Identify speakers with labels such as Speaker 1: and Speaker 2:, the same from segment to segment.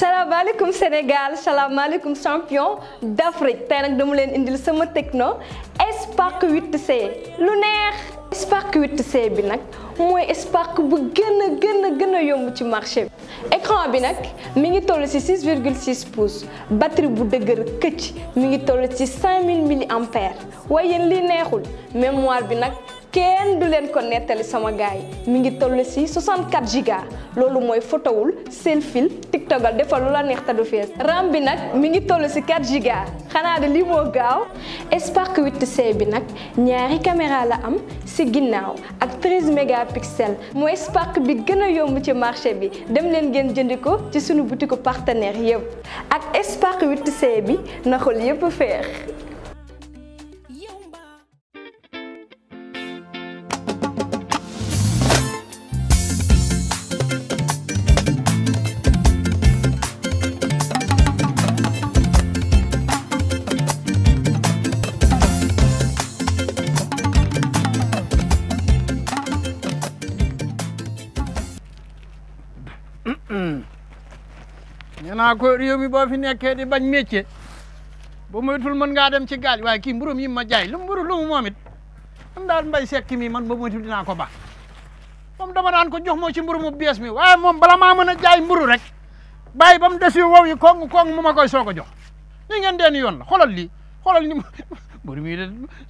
Speaker 1: salaamaaleykum Sénégal salaamaaleykum champion d'Afrique tey nag dama leen indil sama techno Spark 8C lu neex. Spark 8C bi nag mooy Spark bu gën a gën gën a yomb ci marché bi. écran bi nag mi ngi toll ci 6,6 pouces batterie bu dëgër këcc mi ngi toll ci 5000 mAh waaye yéen lii neexul mémoire bi nag. kenn du leen ko nettali sama gaay mi ngi toll si 64 giga loolu mooy fotowul selfil tiktokal defal lu la neex te du fees ram bi nag mi ngi toll si 4 giga xanaa de lii moo gaaw Spark 8C bi nag ñaari caméra la am si ginnaaw ak 13 mégapixels mooy Spark bi gën a yomb ci marché bi dem leen ngeen jëndi ko ci suñu boutique partenaire yëpp ak Spark 8C bi na xol yëpp feex nee naa ko réew mi boo fi nekkee di bañ métier ba moytul mën ngaa dem ci gaal waaye kii mburum yi ma jaay lu mu mburu lu mu moom it daal mbay sekki mi man ba moytul dinaa ko ba moom dama daan ko jox moo ci mburu mu bees mi waaye moom bala maa mën a jaay mburu rek bàyyi ba mu des yu wow yi koŋŋ koŋŋ mu ma koy soog a jox ni ngeen yoon la xoolal lii xoolal ni mburu mi de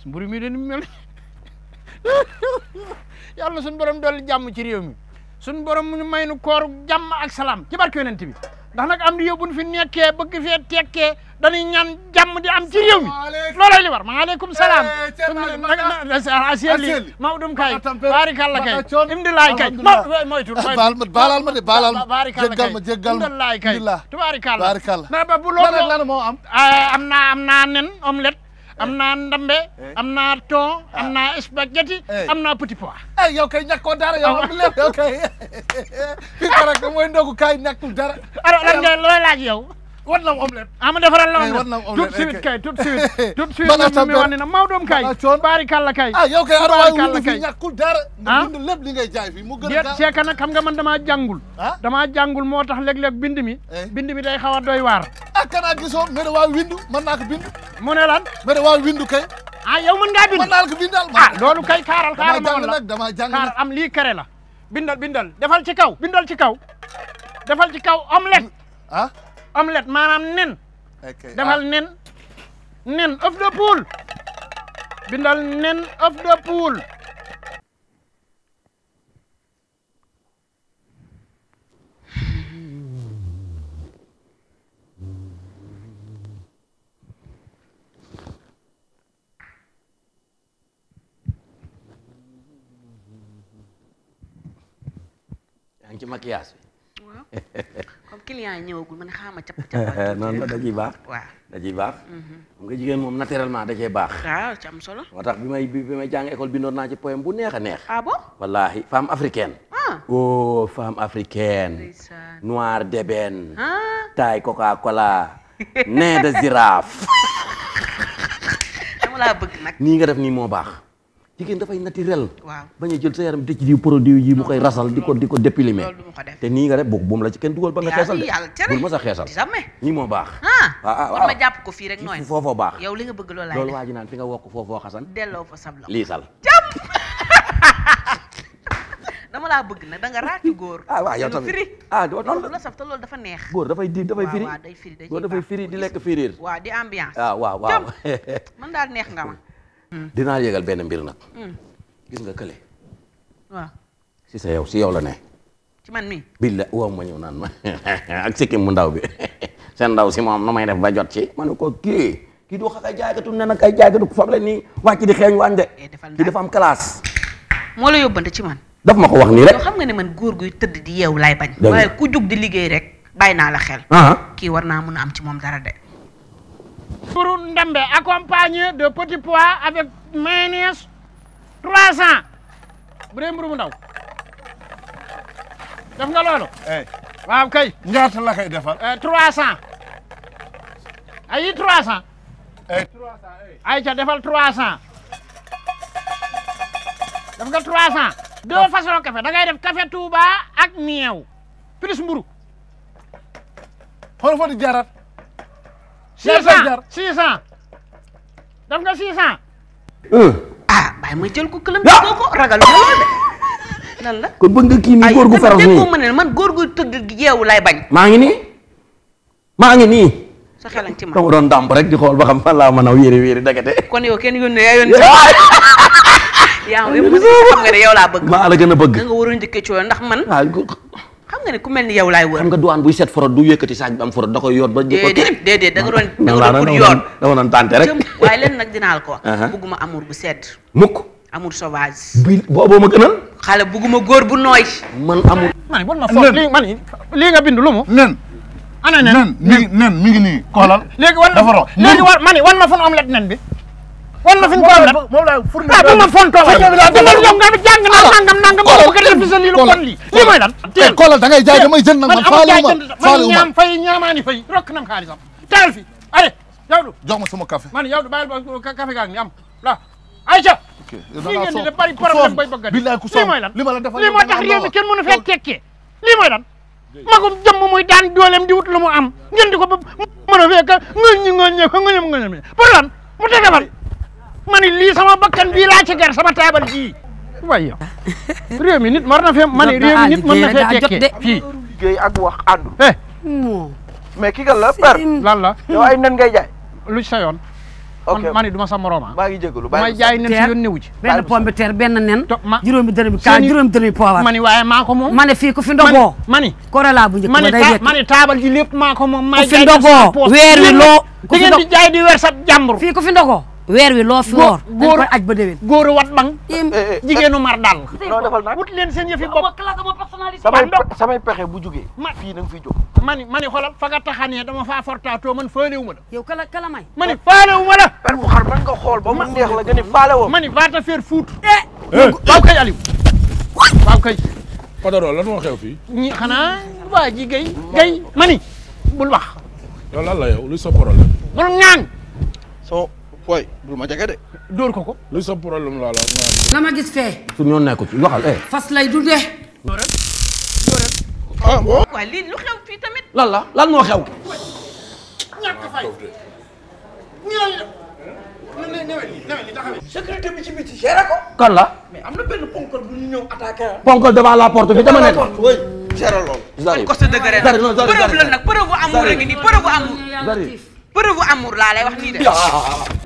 Speaker 1: mburu mi de ni mel yàlla suñu borom dolli jàmm ci réew mi suñu borom ñu may nu koor jàmm ak salaam ci barke yonent ndax nag am di yow bu ñu fi nekkee bëgg fee tekkee dañuy ñaan jàmm di am ci réew mi loolay li war maaleykum eh, salaam aseli mawɗum kay barikalla kay imdilaay kay moytu baalal ma de baalal ma jéggal ma jéggal ma imdilaay kay tubaarikalla mais ba bu loolu lan moo am eh, am naa am naa nen omelette am na ndambe eh? am naa thon ah. am na spaghetti eh. am naa petit pois ay eh, yow kay ñàkkoo dara yow am lépp yow kay fii karak mooy ndogu kaay ñàkkul dara alors lan nga looy laaj yow wan la omelette ama defaral la omelette tout de suite kay tout de suite tout mi mi wane na Maodoom kay baari kàlla kay ah yow kay arwaay wundu fi ñàkkul dara ah? nga bind li ngay jaay fii mu gën a seeka nag xam nga man damaa jàngul ah? damaa jàngul moo tax léeg-léeg bind mi bind mi day xaw a doy waar ah gisoo mais waa windu mu ne lan. ma ne waaw windu kay. ah yow mën ngaa bind mën naa kay kaaral kaaral ma kaaral am lii kere la. bindal bindal defal ci kaw bindal ci kaw. defal ci kaw omelette. ah omelette ah. defal nen. nen œuf bindal nen œuf de
Speaker 2: ngi ci maquillage bi. waaw
Speaker 3: comme client yi ñëwagul man xaaral
Speaker 2: baax. waaw mhm. nga jigéen moom naturellement da baax. waaw tax bi may bi école bindoon naa ci poème bu neex a neex. ah bon wallaahi femme africaine. Ah. oh noir d'ébène. Ah. taille coca cola. nez de girafe. nii nga def nii moo baax. jigéen dafay naturel. waaw bañ a jël sa yaram dëcc di produit yi mu koy rasal di ko di ko dépilimé te nii nga def boobu moom la kenn dugal ba nga xeesal de bul ma sa xeesal nii moo baax
Speaker 3: ah, ah, ah ma ah. jàpp ko fii rek nooy foofoo baax yow li nga bëgg loolu loolu waa
Speaker 2: ji naan fi nga wokk foofoo xasan
Speaker 3: delloo fa sab la lii sal dama laa bëgg nag da nga raati góor ah waaw yow tamit firi ah loolu la saf te loolu dafa neex góor dafay di dafay firi góor dafay
Speaker 2: firi di lekk firiir
Speaker 3: waaw di ambiance
Speaker 2: waaw waaw waaw
Speaker 3: man daal neex nga ma
Speaker 2: dinaa yégal benn mbir nag. Hmm. gis nga kële. si sa yow si yow la ne. ci man mi billa woo ma ñëw naan ma ak sikkim mu ndaw bi seen ndaw si moom nu may def ba jot ci. ma ne ko kii kii nag ay jaaykatu ku fable nii wàcc di xeeñ de. Eh, am classe.
Speaker 3: moo la yóbbante ci man.
Speaker 2: daf ma ko wax nii xam nga ne man góor guy tëdd di yeew laay bañ. waaye
Speaker 3: ku jug di liggéey rek bàyyi naa la xel. Ah. kii war naa mun a am ci moom dara de.
Speaker 1: pour Ndembe accompagné de petits pois avec mayonnaise 300 bu dee mburu mu ndaw def nga loolu. Eh. waaw kay. ñaata la koy defal. 300 ayi 300. ay 300 eh. ay ca defal 300 def nga 300. deux façons da ngay def café Touba ak meew plus mburu xool foo di 600 600 daf nga 600. ah ma jël ko këlam. waaw ko ragal lool de. nan la bëgg nga kii nii góor gu farax nii ma ne man góor gu
Speaker 2: maa ngi nii maa ngi nii. sa xel ci ma dama doon dàmp rek di xool ba xam fan laa mën a wéeri wéeri dagate.
Speaker 3: kon yow kenn yónnee yaa yónnee. yaa
Speaker 2: ngi xam nga ne yow laa bëgg. la gën a bëgg. nga waroon ndax man. xam nga ne ku mel ni yow laay wër xam nga douane buy set forod du yëkkati saag bi am forod da koy yoot ba déedéet
Speaker 3: déedéet da nga doon
Speaker 2: da nga doon pour yoot dama doon tànte rek
Speaker 3: waaye leen nag dinaa la ko wax uh-huh. bugguma amour bu sedd mukk amour sauvage
Speaker 1: bi booboo ma gënal xale bugguma góor bu nooy man amour man bon ma foog lii man lii nga bind lu mu nen ana nen nen mi ngi nii xoolal léegi wan léegi war ma ni wan ma fan omelette nen bi wan na fi ñu toll nag moom laa fourni ah bu ma fontoo rek bu ma yom nga jàng ah, nangam nangam sa lii lu kon lii lii mooy lan teel koolal da ngay jaay damay jënd nag man faaluma faaluma ñaam fay ñaamaani fay rokk nam xaalisam teel fi allez yow ma sama café man yow du ba café gaa am la Aïcha lii ngeen di def bari problème bay bëgg billaay ku lii mooy lan ma la defal lii moo tax réew muy daan dooleem di wut mu am ngeen di ko ba mën a fekk nga ñi nga ñëw nga ñëm nga lan mu tege fan ma ne lii sama bakkan bii laa ci gar sama taabal jii waaye yow réew mi nit war na fee ma ne réew mi na fee tekkee fii ak wax àndu eh mais la per lan la yow ay nen ngay jaay lu ci sa yoon ok man ni du ma sa morom ah. maa ngi jégalu may jaay nen si yoon ci. benn benn nen. ma juróomi dërëmi kaa juróomi dërëmi ma ni waaye maa ko moom. ma ne fii ku fi ndogoo. ma ni korala bu njëkk ma day wekk. taabal ji lépp maa ko moom. may jaay ku fi ndogoo weer wi loo. ku di ngeen di jaay sa jàmbur. fii ku fi ndogoo. weer wi loo fi woor góor aj ba déwén góoru wat bang eh, eh, jigéenu mar daal non defal nag wut leen seen yëfi bopp samay pexe bu jógee ma fii na nga fiy jóg mani mani xoolal fa nga taxanee dama faa ma la yow kala kala may mani faalewu ma la xool ba mu neex la nga ni faale woo mani vaata faire foot eh, eh waaw kay Aliou waaw kay Podoro lan moo xew fii ñi xanaa waa ji gay mani bul wax yow lan la yow lu sa problème bul ñaan so waaye bul ko ko. lu la la. gis fee. su
Speaker 2: ñoo nekku ci waxal eh.
Speaker 1: fas lay dundee. dóoral ah, dóoral. lu xew fii tamit.
Speaker 2: lan la lan moo xew.
Speaker 1: ñàkk fay. sécurité bi la. mais am na
Speaker 2: la porte bi dama la lay wax nii de.